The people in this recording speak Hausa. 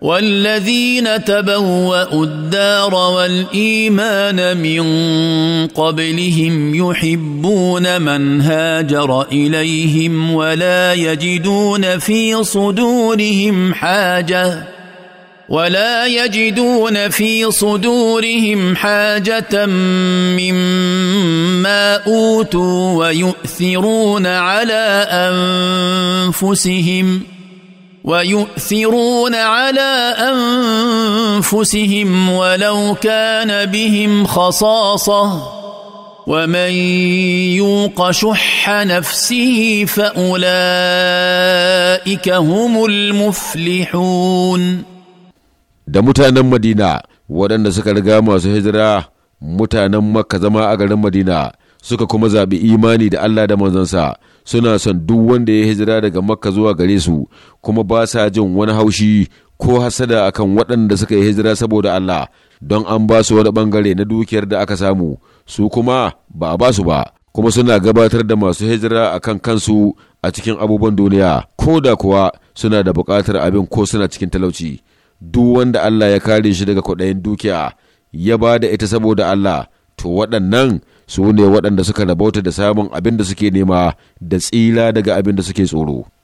والذين تبوأوا الدار والإيمان من قبلهم يحبون من هاجر إليهم ولا يجدون في صدورهم حاجة ولا يجدون في صدورهم حاجة مما أوتوا ويؤثرون على أنفسهم ۖ ويؤثرون على انفسهم ولو كان بهم خصاصه ومن يوق شح نفسه فاولئك هم المفلحون da mutanen madina waɗanda suka riga masu hijira mutanen makka zama a garin madina suka kuma zaɓi imani da allah da manzansa suna son duk wanda ya hijira daga makka zuwa gare su kuma ba sa jin wani haushi ko hasada akan waɗanda suka yi hijira saboda Allah don an ba su wani ɓangare na dukiyar da aka samu su kuma ba a ba su ba kuma suna gabatar da masu hijira akan kansu a cikin abubuwan duniya ko da kuwa suna da buƙatar abin ko suna cikin talauci duk wanda Allah ya kare shi daga kwaɗayin dukiya ya ba da ita saboda Allah to waɗannan su ne waɗanda suka rabauta da samun abin da suke nema da tsila daga abin da suke tsoro